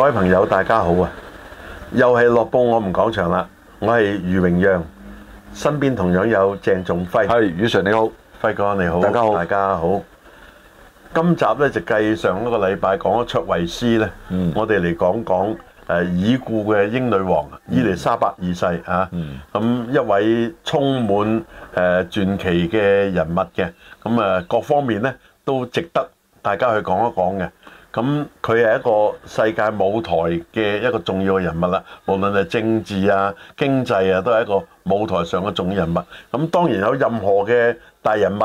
各位朋友，大家好啊！又係樂報，我哋講場啦。我係余榮讓，身邊同樣有鄭仲輝。係余 Sir 你好，輝哥你好，大家好，大家好。今集呢，就繼上一個禮拜講咗卓慧思呢。嗯、我哋嚟講講誒已故嘅英女王伊莉莎白二世啊，咁、嗯、一位充滿誒傳奇嘅人物嘅，咁啊各方面呢都值得大家去講一講嘅。咁佢係一個世界舞台嘅一個重要嘅人物啦，無論係政治啊、經濟啊，都係一個舞台上嘅重要人物。咁、嗯、當然有任何嘅大人物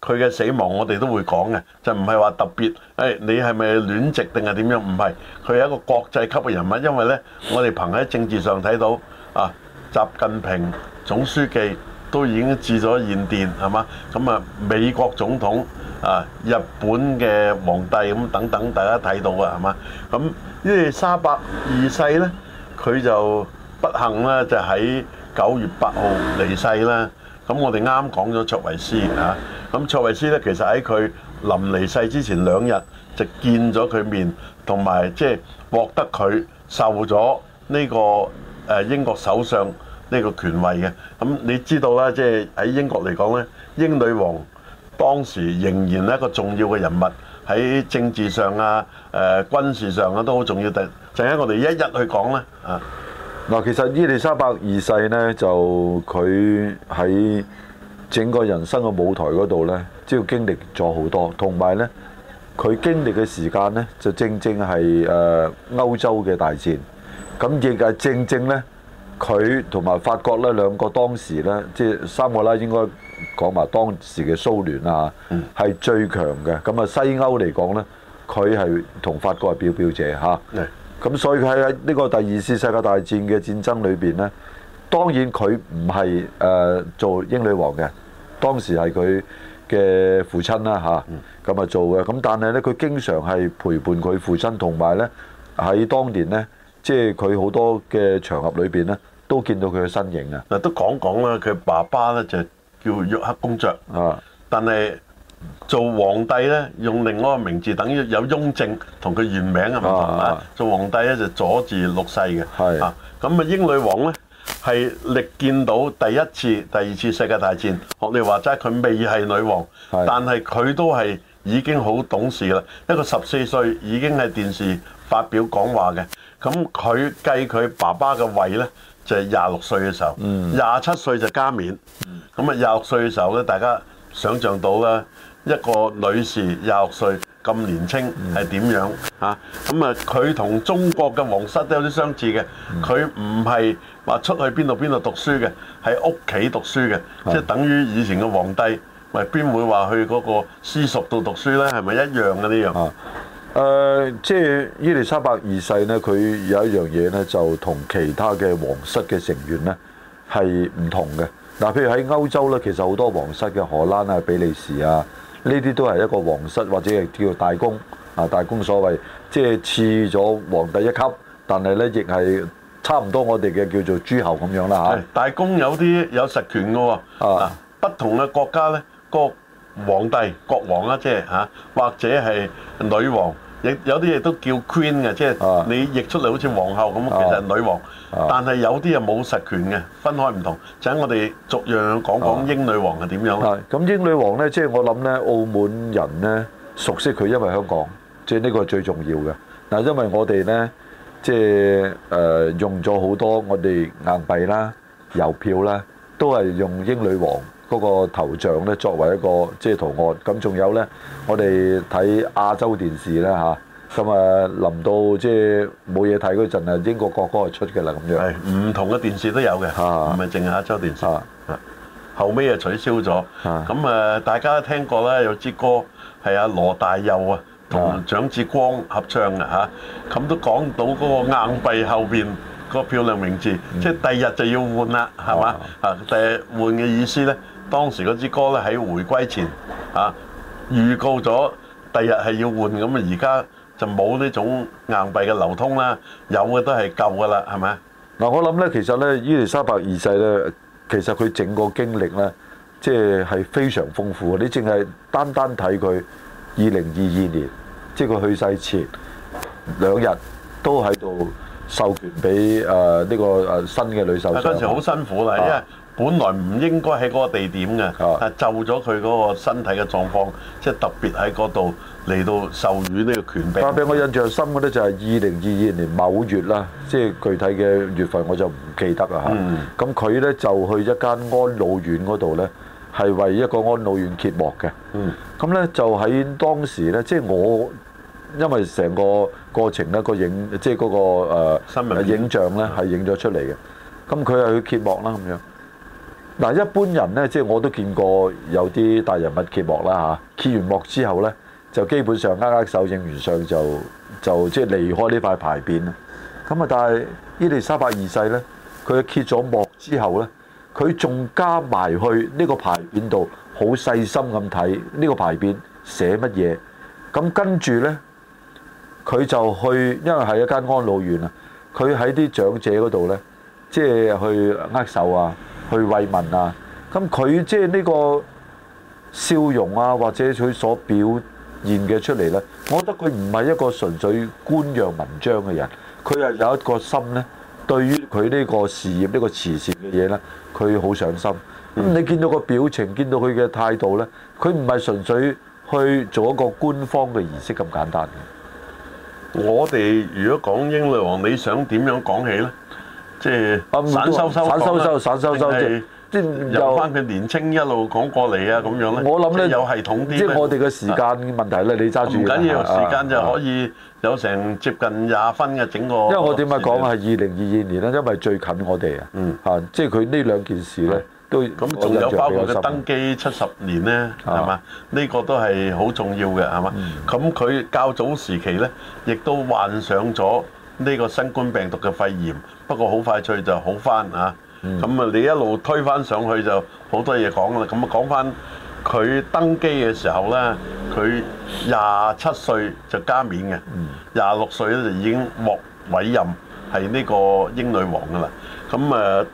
佢嘅死亡，我哋都會講嘅，就唔係話特別誒、哎、你係咪戀殖定係點樣？唔係，佢係一個國際級嘅人物。因為咧，我哋憑喺政治上睇到啊，習近平總書記。都已經致咗唁電係嘛？咁啊、嗯、美國總統啊，日本嘅皇帝咁等等，大家睇到嘅係嘛？咁呢、嗯、沙伯二世咧，佢就不幸咧就喺九月八號離世啦。咁我哋啱講咗卓維斯啊，咁卓維斯咧其實喺佢臨離世之前兩日就見咗佢面，同埋即係獲得佢受咗呢個誒英國首相。呢個權威嘅，咁你知道啦，即係喺英國嚟講咧，英女王當時仍然係一個重要嘅人物喺政治上啊、誒軍事上啊都好重要。等陣間我哋一一去講咧啊。嗱，其實伊莉莎白二世咧就佢喺整個人生嘅舞台嗰度咧，只要經歷咗好多，同埋咧佢經歷嘅時間咧就正正係誒歐洲嘅大戰，咁亦係正正咧。佢同埋法國咧兩個當時咧，即係三個啦，應該講埋當時嘅蘇聯啊，係最強嘅。咁啊，西歐嚟講咧，佢係同法國係表表者嚇。咁所以佢喺呢個第二次世界大戰嘅戰爭裏邊咧，當然佢唔係誒做英女王嘅，當時係佢嘅父親啦嚇。咁啊是的、嗯、做嘅，咁但係咧，佢經常係陪伴佢父親，同埋咧喺當年咧，即係佢好多嘅場合裏邊咧。都見到佢嘅身影啊！嗱，都講講啦。佢爸爸咧就叫約克公爵啊，但係做皇帝咧用另外一個名字，等於有雍正同佢原名嘅問題啊。啊做皇帝咧就阻住六世嘅，係是啊。咁啊，英女王咧係歷見到第一次、第二次世界大戰。學你話齋，佢未係女王，是但係佢都係已經好懂事啦。一個十四歲已經係電視發表講話嘅。咁佢繼佢爸爸嘅位咧，就係廿六歲嘅時候，廿七、嗯、歲就加冕。咁啊、嗯，廿六、嗯、歲嘅時候咧，大家想像到啦，一個女士廿六歲咁年青，係點、嗯、樣啊？咁、嗯、啊，佢同中國嘅皇室都有啲相似嘅。佢唔係話出去邊度邊度讀書嘅，喺屋企讀書嘅，嗯、即係等於以前嘅皇帝，咪邊、嗯、會話去嗰個私塾度讀書咧？係咪一樣嘅呢樣？嗯嗯誒、呃，即係伊莉莎白二世呢，佢有一樣嘢呢，就同其他嘅皇室嘅成員呢係唔同嘅。嗱、呃，譬如喺歐洲呢，其實好多皇室嘅荷蘭啊、比利時啊，呢啲都係一個皇室或者係叫做大公啊，大公所謂即係次咗皇帝一級，但係呢亦係差唔多我哋嘅叫做諸侯咁樣啦嚇。大公有啲有實權嘅喎、哦，啊，不同嘅國家呢。個。皇帝、國王啦，即係嚇，或者係女王，亦有啲嘢都叫 queen 嘅，即係你譯出嚟好似皇后咁，其實係女王。但係有啲又冇實權嘅，分開唔同。請我哋逐樣講講英女王係點樣咯。咁英女王咧，即係我諗咧，澳門人咧熟悉佢，因為香港，即係呢個係最重要嘅。嗱，因為我哋咧，即係誒用咗好多我哋硬幣啦、郵票啦，都係用英女王。嗰個頭像咧，作為一個即係圖案。咁仲有咧，我哋睇亞洲電視啦嚇。咁啊，臨到即係冇嘢睇嗰陣啊，英國國歌就出嘅啦咁樣。係唔同嘅電視都有嘅，唔係淨係亞洲電視。後尾啊取消咗。咁啊，大家都聽過啦，有支歌係阿羅大佑啊同蔣志光合唱嘅嚇。咁都講到嗰個硬幣後邊個漂亮名字，即係第日就要換啦，係嘛？啊，第日換嘅意思咧。當時嗰支歌咧，喺回歸前啊，預告咗第日係要換。咁啊，而家就冇呢種硬幣嘅流通啦，有嘅都係舊㗎啦，係咪？嗱，我諗咧，其實咧伊莉莎白二世咧，其實佢整個經歷咧，即係係非常豐富嘅。你淨係單單睇佢二零二二年，即係佢去世前兩日都喺度授權俾誒呢個誒、啊、新嘅女首相。嗰時好辛苦啦，啊、因為。本來唔應該喺嗰個地點嘅，但就咗佢嗰個身體嘅狀況，即係特別喺嗰度嚟到授予呢個權柄。發俾我印象深嘅咧就係二零二二年某月啦，即係具體嘅月份我就唔記得啦嚇。咁佢咧就去一間安老院嗰度咧，係為一個安老院揭幕嘅。咁咧、嗯、就喺當時咧，即係我因為成個過程咧、個影，即係嗰個誒、呃、影像咧係影咗出嚟嘅。咁佢係去揭幕啦，咁樣。嗱，一般人咧，即係我都見過有啲大人物揭幕啦嚇，揭完幕之後咧，就基本上握手、影完相就就即係離開呢塊牌匾啦。咁啊，但係伊莉莎白二世咧，佢揭咗幕之後咧，佢仲加埋去呢個牌匾度，好細心咁睇呢個牌匾寫乜嘢。咁跟住咧，佢就去，因為係一間安老院啊，佢喺啲長者嗰度咧，即係去握手啊。去慰問啊！咁佢即係呢個笑容啊，或者佢所表現嘅出嚟呢，我覺得佢唔係一個純粹官樣文章嘅人，佢係有一個心呢。對於佢呢個事業、呢個慈善嘅嘢呢，佢好上心。咁你見到個表情，見到佢嘅態度呢，佢唔係純粹去做一個官方嘅儀式咁簡單嘅。我哋如果講英女王，你想點樣講起呢？即係散修修、散修修、散修修，即係由翻佢年青一路講過嚟啊咁樣咧。我諗咧有系統啲，即係我哋嘅時間問題咧，你揸住唔緊要，時間就可以有成接近廿分嘅整個。因為我點解講係二零二二年咧，因為最近我哋啊，嗯嚇，即係佢呢兩件事咧都咁，仲有包括佢登基七十年咧，係嘛？呢個都係好重要嘅，係嘛？咁佢較早時期咧，亦都患上咗呢個新冠病毒嘅肺炎。不過好快脆就好翻啊！咁啊、嗯嗯，你一路推翻上去就好多嘢講噶啦。咁、嗯、啊，講翻佢登基嘅時候呢，佢廿七歲就加冕嘅，廿六、嗯、歲咧就已經獲委任係呢個英女王噶啦。咁、嗯、啊、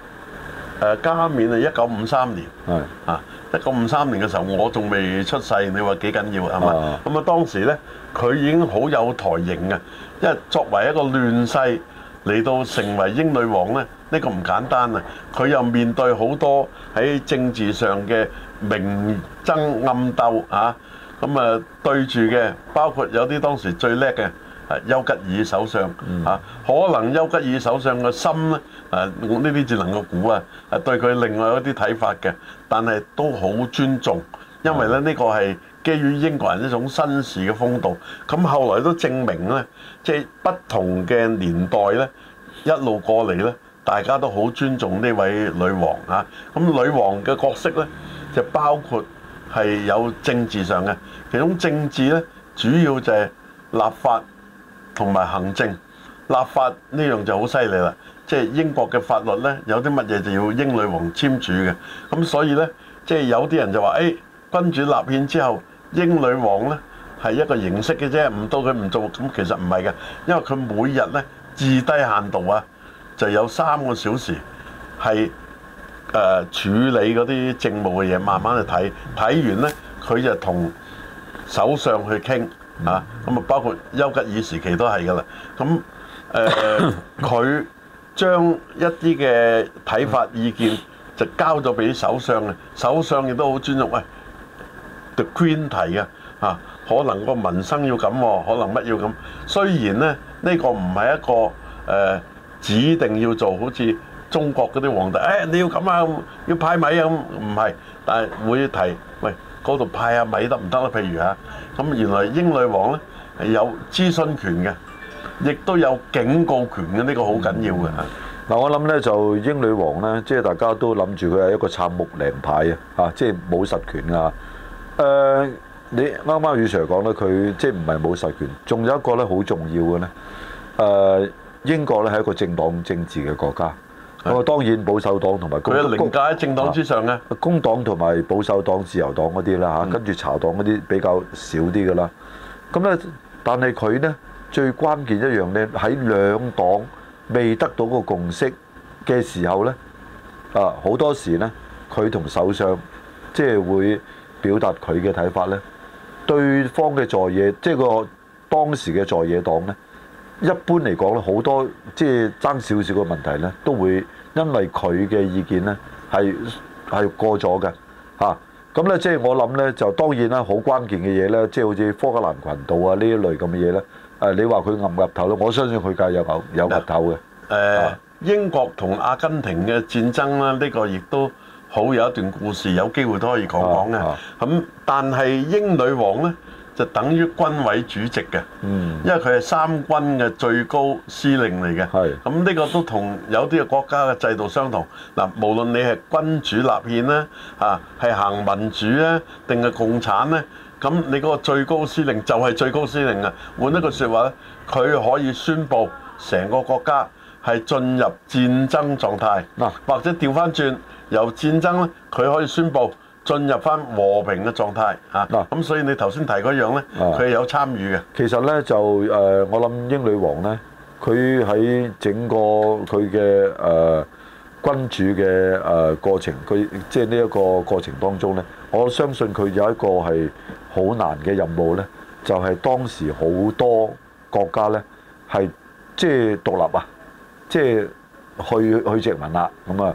呃，加冕啊一九五三年，嗯、啊一九五三年嘅時候我仲未出世，你話幾緊要啊？係咪？咁啊，當時呢，佢已經好有台型嘅，因為作為一個亂世。嚟到成為英女王呢，呢、呢個唔簡單啊！佢又面對好多喺政治上嘅明爭暗鬥啊！咁、嗯、啊對住嘅，包括有啲當時最叻嘅啊丘吉爾首相啊，可能丘吉爾首相嘅心呢，啊，呢啲只能夠估啊，對佢另外一啲睇法嘅，但係都好尊重，因為咧呢、呢個係。基於英國人一種紳士嘅風度，咁後來都證明呢，即係不同嘅年代呢，一路過嚟呢，大家都好尊重呢位女王啊。咁女王嘅角色呢，就包括係有政治上嘅，其中政治呢，主要就係立法同埋行政。立法呢樣就好犀利啦，即係英國嘅法律呢，有啲乜嘢就要英女王簽署嘅。咁所以呢，即係有啲人就話：「誒、哎、君主立憲之後，英女王呢係一個形式嘅啫，唔到佢唔做，咁其實唔係嘅，因為佢每日呢至低限度啊，就有三個小時係誒、呃、處理嗰啲政務嘅嘢，慢慢去睇，睇完呢佢就同首相去傾嚇，咁啊包括丘吉爾時期都係噶啦，咁、啊、佢、呃、將一啲嘅睇法意見就交咗俾首相嘅，首相亦都好尊重喂。哎 queen 提嘅嚇、啊，可能個民生要咁，可能乜要咁。雖然咧呢、呢個唔係一個誒、呃、指定要做，好似中國嗰啲皇帝誒、哎、你要咁啊，要派米啊唔係，但係會提喂嗰度派下米得唔得啦？譬如嚇咁、啊，原來英女王咧係有諮詢權嘅，亦都有警告權嘅，呢個嗯嗯啊、呢個好緊要嘅嗱我諗咧就英女王咧，即係大家都諗住佢係一個插木樑派嘅嚇、啊啊，即係冇實權㗎。誒、呃、你啱啱余 Sir 講咧，佢即係唔係冇實權？仲有一個咧，好重要嘅咧。誒、呃、英國咧係一個政黨政治嘅國家，咁啊的當然保守黨同埋佢凌駕喺政黨之上嘅、啊。工黨同埋保守黨、自由黨嗰啲啦嚇，啊嗯、跟住查黨嗰啲比較少啲噶啦。咁、啊、咧，但係佢咧最關鍵一樣咧，喺兩黨未得到個共識嘅時候咧，啊好多時咧，佢同首相即係會，表達佢嘅睇法呢，對方嘅在野，即係個當時嘅在野黨呢，一般嚟講咧，好多即係爭少少嘅問題呢，都會因為佢嘅意見呢，係係過咗嘅嚇。咁、啊、呢，即係我諗呢，就當然啦，好關鍵嘅嘢呢，即係好似科克蘭群島啊呢一類咁嘅嘢呢，誒、啊，你話佢暗岌頭咧，我相信佢梗係有有岌頭嘅。誒、呃，啊、英國同阿根廷嘅戰爭呢，呢、呢個亦都。好有一段故事，有機會都可以講講嘅。咁、啊啊嗯、但係英女王呢，就等於軍委主席嘅，嗯、因為佢係三軍嘅最高司令嚟嘅。咁呢是、嗯呢個都同有啲嘅國家嘅制度相同。嗱、啊，無論你係君主立憲呢，吓、啊，係行民主呢，定係共產呢，咁、啊、你嗰個最高司令就係最高司令啊！換一句說話，咧、嗯，佢可以宣布成個國家係進入戰爭狀態，嗱、啊，或者調翻轉。由戰爭咧，佢可以宣布進入翻和平嘅狀態嚇。嗱、啊，咁、啊、所以你頭先提嗰樣咧，佢、啊、係有參與嘅。其實咧就誒、呃，我諗英女王咧，佢喺整個佢嘅誒君主嘅誒、呃、過程，佢即係呢一個過程當中咧，我相信佢有一個係好難嘅任務咧，就係、是、當時好多國家咧係即係獨立啊，即、就、係、是、去去殖民啊，咁啊。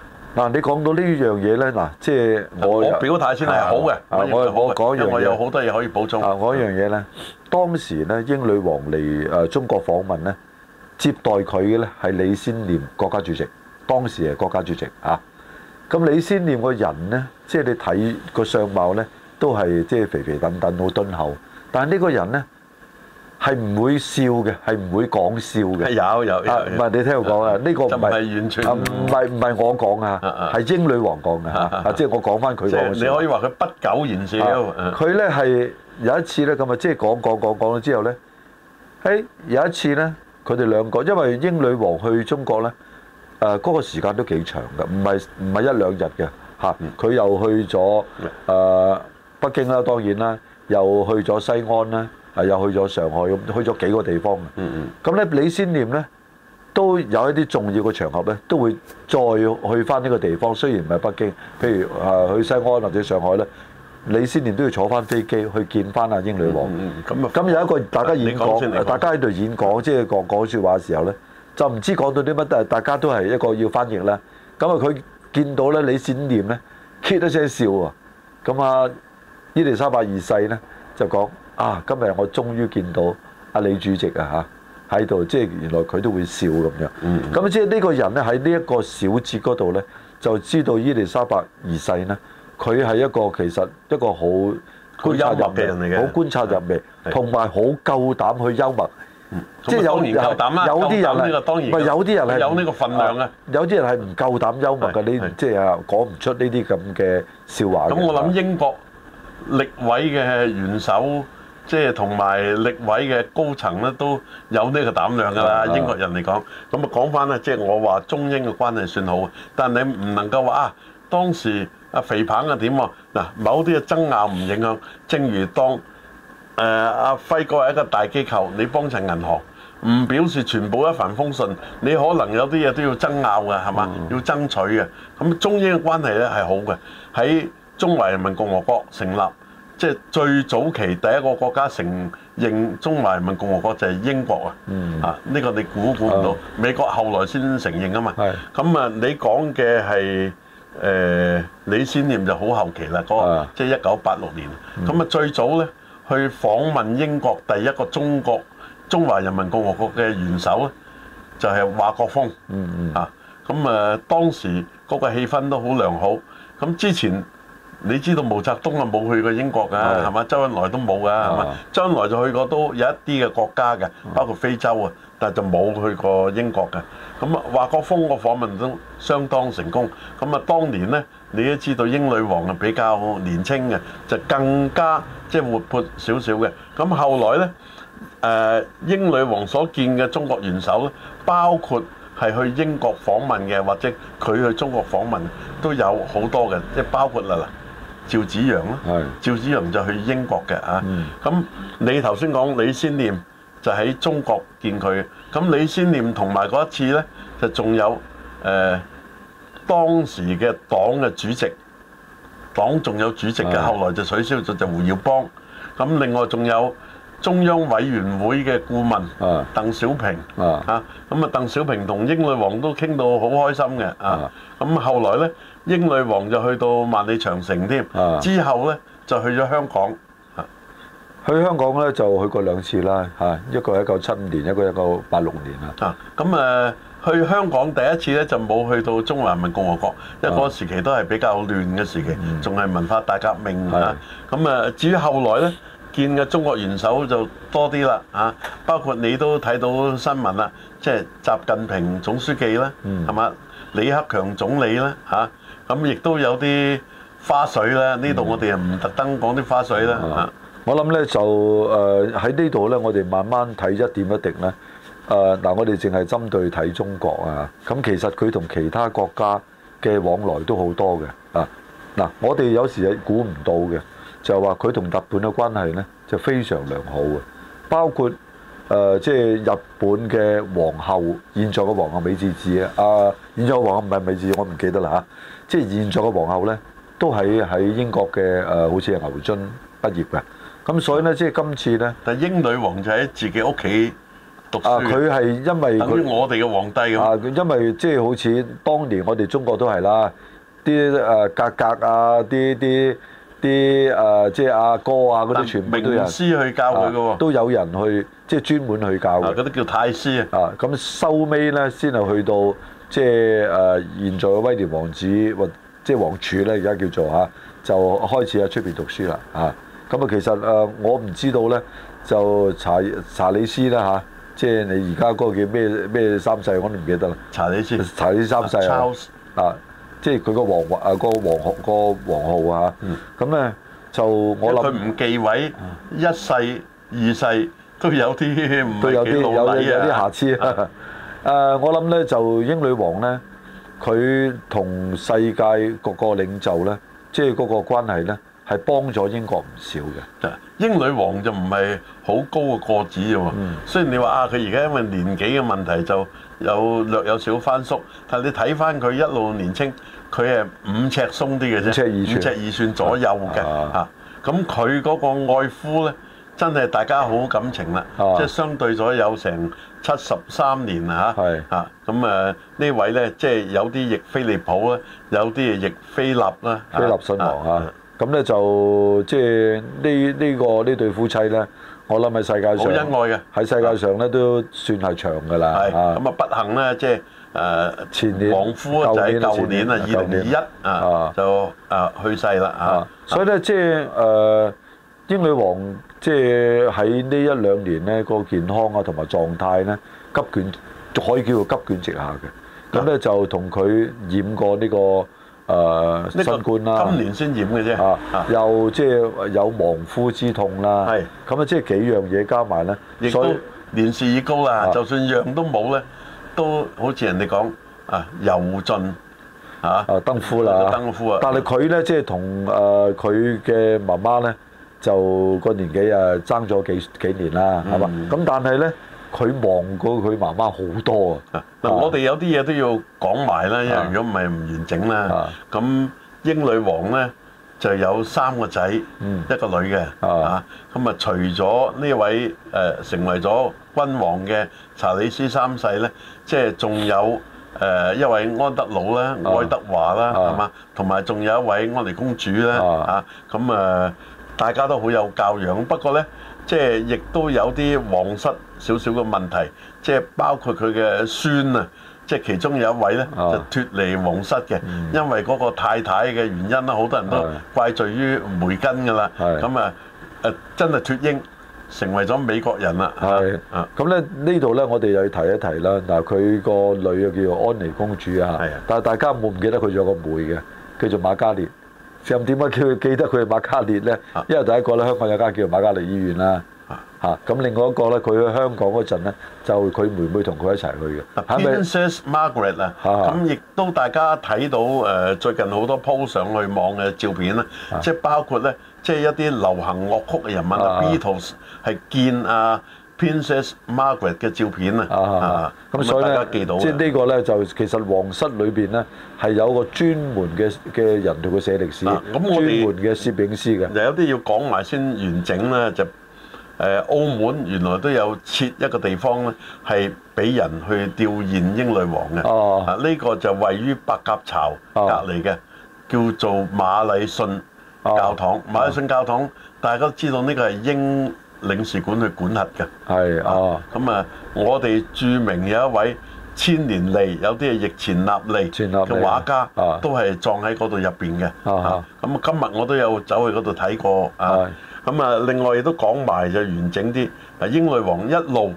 嗱，你講到呢樣嘢呢，嗱，即係我表態先啦，好嘅，好，我我講一樣嘢，我有好多嘢可以補充。啊，我一樣嘢呢，當時呢，英女王嚟誒中國訪問呢，接待佢嘅呢係李先念國家主席，當時係國家主席啊。咁李先念個人呢，即係你睇個相貌呢，都係即係肥肥等等，好敦厚，但係呢個人呢。係唔會笑嘅，係唔會講笑嘅。係有有啊，唔係你聽我講啊，呢個唔係完全唔係唔係我講啊，係英女王講嘅嚇。啊，即係我講翻佢講嘅。即係你可以話佢不苟言笑。佢咧係有一次咧咁啊，即係講講講講咗之後咧，誒有一次咧，佢哋兩個因為英女王去中國咧，誒嗰個時間都幾長嘅，唔係唔係一兩日嘅嚇。佢又去咗誒北京啦，當然啦，又去咗西安啦。係又去咗上海咁，去咗幾個地方。咁咧李先念咧都有一啲重要嘅場合咧，都會再去翻呢個地方。雖然唔係北京，譬如啊去西安或者上海咧，李先念都要坐翻飛機去見翻阿英女王。咁啊，咁有一個大家演講，大家喺度演講，即係講講説話嘅時候咧，就唔知講到啲乜，但係大家都係一個要翻譯啦。咁啊，佢見到咧李先念咧，啱啱笑喎。咁啊，伊莉莎白二世咧就講。啊！今日我終於見到阿李主席啊！嚇喺度，即係原來佢都會笑咁樣。嗯，咁即係呢個人咧喺呢一個小節嗰度咧，就知道伊莉莎白二世咧，佢係一個其實一個好幽默嘅人嚟嘅，好觀察入微，同埋好夠膽去幽默。即係有有有啲人呢，係，咪有啲人係有呢個分量嘅。有啲人係唔夠膽幽默嘅，你即係啊講唔出呢啲咁嘅笑話。咁我諗英國歷位嘅元首。即係同埋歷位嘅高層咧，都有呢個膽量㗎啦。啊、英國人嚟講，咁啊講返啦，即、就、係、是、我話中英嘅關係算好，但你唔能夠話啊，當時啊肥彭啊點喎？嗱，某啲嘅爭拗唔影響，正如當誒阿、呃、輝哥係一個大機構，你幫襯銀行，唔表示全部一帆風順，你可能有啲嘢都要爭拗嘅，係嘛？嗯、要爭取嘅。咁中英嘅關係咧係好嘅，喺中華人民共和國成立。即係最早期第一個國家承認中華人民共和國就係英國啊！嗯、啊，呢、這個你估估唔到，嗯、美國後來先承認啊嘛。咁啊是、嗯，你講嘅係誒李先念就好後期啦，嗰、那個是即係一九八六年。咁啊、嗯，嗯、最早咧去訪問英國第一個中國中華人民共和國嘅元首咧，就係、是、華國鋒。啊，咁、嗯、啊、嗯嗯嗯，當時嗰個氣氛都好良好。咁之前。你知道毛澤東啊冇去過英國㗎，係嘛的？周恩來都冇㗎，係嘛的？周恩來就去過都有一啲嘅國家嘅，包括非洲啊，的但係就冇去過英國㗎。咁啊，華國鋒個訪問都相當成功。咁啊，當年呢，你都知道英女王係比較年青嘅，就更加即係活潑少少嘅。咁後來呢，誒、呃、英女王所見嘅中國元首呢，包括係去英國訪問嘅，或者佢去中國訪問都有好多嘅，即係包括啦嗱。趙紫陽咯，趙紫陽就去英國嘅啊，咁、嗯、你頭先講李先念就喺中國見佢，咁李先念同埋嗰一次呢，就仲有誒、呃、當時嘅黨嘅主席，黨仲有主席嘅，後來就取消咗就胡耀邦，咁另外仲有中央委員會嘅顧問，鄧小平啊，咁是的、嗯、啊鄧小平同英女王都傾到好開心嘅啊，咁後來呢，英女王就去到萬里長城添，之後呢就去咗香港。去香港呢就去過兩次啦，嚇，一個係一九七五年，一個一九八六年啦。啊，咁誒去香港第一次呢就冇去到中華人民共和國，因為嗰個時期都係比較亂嘅時期，仲係文化大革命啊。咁誒至於後來呢見嘅中國元首就多啲啦，嚇，包括你都睇到新聞啦，即係習近平總書記啦，係嘛？李克強總理啦，嚇。咁亦都有啲花絮啦，呢度我哋又唔特登講啲花絮啦、嗯啊啊、我諗呢就誒喺呢度呢，我哋慢慢睇一點一滴咧。誒、呃、嗱，我哋淨係針對睇中國啊，咁、嗯、其實佢同其他國家嘅往來都好多嘅啊。嗱，我哋有時係估唔到嘅，就話佢同日本嘅關係呢，就非常良好嘅，包括。誒，即係日本嘅皇后，現在嘅皇后美智子啊！啊，現在嘅皇后唔係美智子，我唔記得啦嚇。即係現在嘅皇后咧，都喺喺英國嘅誒，好似係牛津畢業嘅。咁所以咧，即係今次咧，但英女王就喺自己屋企讀書。佢係因為，等於我哋嘅皇帝咁啊，因為即係好似當年我哋中國都係啦，啲誒格格啊，啲啲啲誒，即係阿哥啊嗰啲全部都有人去教佢嘅喎，都有人去。即係專門去教嘅，嗰啲叫太師啊。啊，咁收尾咧，先係去到即係誒現在嘅威廉王子或即係王儲咧，而家叫做嚇、啊、就開始喺出邊讀書啦。啊，咁啊，其實誒我唔知道咧，就查查理斯啦吓，即係你而家嗰個叫咩咩三世我都唔記得啦。查理斯，查理三世啊，啊，啊，即係佢個皇、嗰個嗰個嗰個、啊，個皇個皇號啊。咁咧就我諗佢唔繼位，一世二世。嗯嗯都有啲瑕疵啊！誒，我諗咧就英女王咧，佢同世界各個領袖咧，即係嗰個關係咧，係幫咗英國唔少嘅。英女王就唔係好高嘅個子啫嘛。雖然你話啊，佢而家因為年紀嘅問題，就有略有少翻縮，但係你睇翻佢一路年青，佢係五尺鬆啲嘅啫，五尺二寸左右嘅嚇。咁佢嗰個愛夫咧？真係大家好感情啦，即係相對咗有成七十三年啊嚇，嚇咁啊呢位咧，即係有啲亦菲利普啦，有啲啊亦菲立啦，菲立親王啊，咁咧就即係呢呢個呢對夫妻咧，我諗喺世界上好恩愛嘅，喺世界上咧都算係長㗎啦，咁啊不幸咧即係誒前年王夫就喺舊年啊二零二一啊就啊去世啦啊，所以咧即係誒英女王。即係喺呢一兩年咧，個健康啊同埋狀態咧，急轉，可以叫做急轉直下嘅。咁咧就同佢染過呢個誒新冠啦，今年先染嘅啫，又即係有亡夫之痛啦。咁啊，即係幾樣嘢加埋咧，亦都年事已高啦。就算樣都冇咧，都好似人哋講啊，由盡啊，登夫啦，登夫啊，但係佢咧即係同誒佢嘅媽媽咧。就個年紀啊，爭咗幾幾年啦，係嘛？咁但係咧，佢望過佢媽媽好多啊！嗱，我哋有啲嘢都要講埋啦，因為如果唔係唔完整啦。咁英女王咧就有三個仔，一個女嘅嚇。咁啊，除咗呢位誒成為咗君王嘅查理斯三世咧，即係仲有誒一位安德魯啦、愛德華啦，係嘛？同埋仲有一位安妮公主啦，嚇咁啊。大家都好有教養，不過呢，即係亦都有啲皇室少少嘅問題，即係包括佢嘅孫啊，即係其中有一位呢，就脫離皇室嘅，因為嗰個太太嘅原因啦，好多人都怪罪於梅根噶啦。咁啊，真係脫英成為咗美國人啦。咁呢度呢，我哋又要提一提啦。嗱，佢個女啊叫做安妮公主啊，但係大家會唔記得佢有個妹嘅，叫做瑪嘉烈。咁點解佢記得佢係瑪嘉烈咧？因為第一個咧，香港有間叫瑪嘉烈醫院啦。嚇，咁另外一個咧，佢去香港嗰陣咧，就佢妹妹同佢一齊去嘅？Princess Margaret 啊，咁亦都大家睇到誒最近好多 po 上去網嘅照片啦，即係包括咧，即係一啲流行樂曲嘅人物 Beatles 係見啊。Princess Margaret 嘅照片啊，咁所以大家記到，即係呢個咧就其實皇室裏邊咧係有個專門嘅嘅人同佢寫歷史，咁我哋專門嘅攝影師嘅。就有啲要講埋先完整咧，就誒澳門原來都有設一個地方咧，係俾人去吊唁英女王嘅。啊，呢個就位於白鴿巢隔籬嘅，叫做馬禮遜教堂。馬禮遜教堂大家知道呢個係英。領事館去管轄嘅，係啊，咁啊，我哋著名有一位千年利，有啲係亦前立利嘅畫家，啊，都係葬喺嗰度入邊嘅，啊，咁啊，啊啊今日我都有走去嗰度睇過，啊，咁是啊，另外亦都講埋就完整啲，啊，英女王一路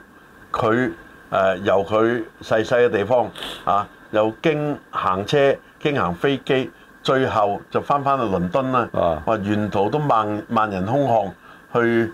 佢誒由佢細細嘅地方啊，又經行車，經行飛機，最後就返返去倫敦啦，啊，沿途都萬萬人空巷去，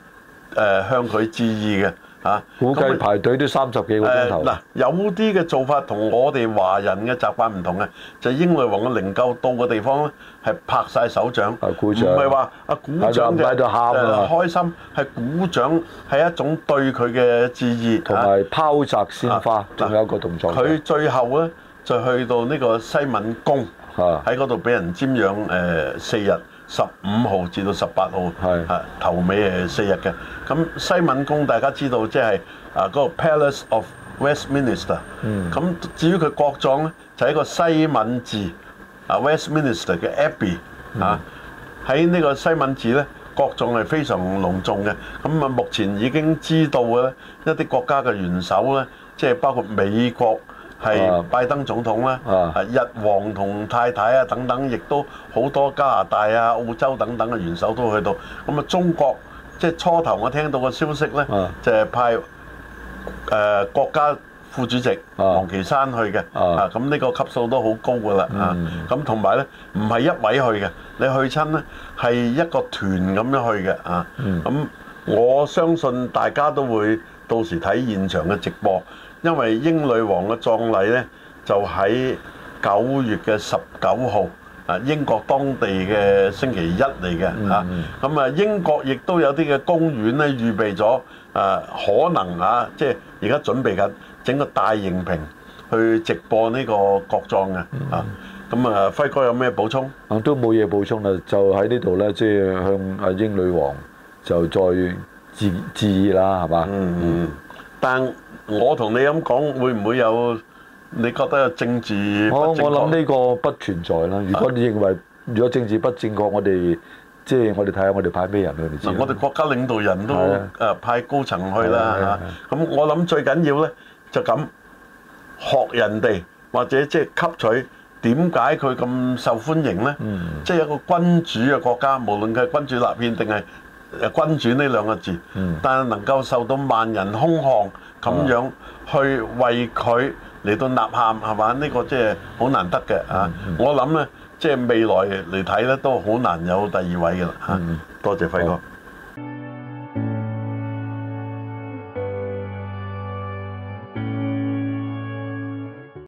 誒向佢致意嘅嚇，估計排隊都三十幾個鐘頭。嗱、呃，有啲嘅做法同我哋華人嘅習慣唔同嘅，就英女王嘅靈柩到嘅地方咧，係拍晒手掌，唔係話阿鼓掌嘅，係、啊啊呃、開心，係鼓掌係一種對佢嘅致意，同埋拋擲鮮花，仲、啊啊、有一個動作。佢、啊、最後咧，就去到呢個西敏宮，喺嗰度俾人瞻仰誒四日。十五號至到十八號，係是啊頭尾係四日嘅。咁、啊、西敏宮大家知道即係啊嗰、那個 Palace of Westminster，嗯。咁、啊、至於佢國葬咧，就係、是、一個西敏寺啊 Westminster 嘅 Abbey 嚇。喺呢、啊嗯、個西敏寺咧，國葬係非常隆重嘅。咁啊，目前已經知道嘅咧一啲國家嘅元首咧，即係包括美國。係拜登總統啦，日皇同太太啊等等，亦都好多加拿大啊、澳洲等等嘅元首都去到。咁啊，中國即係初頭我聽到嘅消息咧，就係派誒國家副主席王岐山去嘅。啊，咁呢個級數都好高噶啦。啊，咁同埋咧唔係一位去嘅，你去親咧係一個團咁樣去嘅。啊，咁我相信大家都會到時睇現場嘅直播。因為英女王嘅葬禮呢，就喺九月嘅十九號，啊英國當地嘅星期一嚟嘅嚇。咁啊，嗯嗯、英國亦都有啲嘅公園呢，預備咗啊，可能啊，即係而家準備緊整個大型屏去直播呢個國葬嘅嚇。咁啊，嗯啊啊、輝哥有咩補充？啊，都冇嘢補充啦，就喺呢度呢，即係向啊英女王就再致致意啦，係嘛？嗯嗯，但我同你咁講，會唔會有你覺得有政治不正確？我我諗呢個不存在啦。如果你認為如果政治不正確，我哋即係我哋睇下我哋派咩人去。我哋國家領導人都誒派高層去啦嚇。咁我諗最緊要咧就咁學人哋，或者即係吸取點解佢咁受歡迎咧？即係有個君主嘅國家，無論佢係君主立憲定係君主呢兩個字，但係能夠受到萬人空巷。咁樣去為佢嚟到吶喊係嘛？呢、這個即係好難得嘅啊！嗯、我諗呢，即、就、係、是、未來嚟睇咧都好難有第二位嘅啦嚇。嗯、多謝輝哥。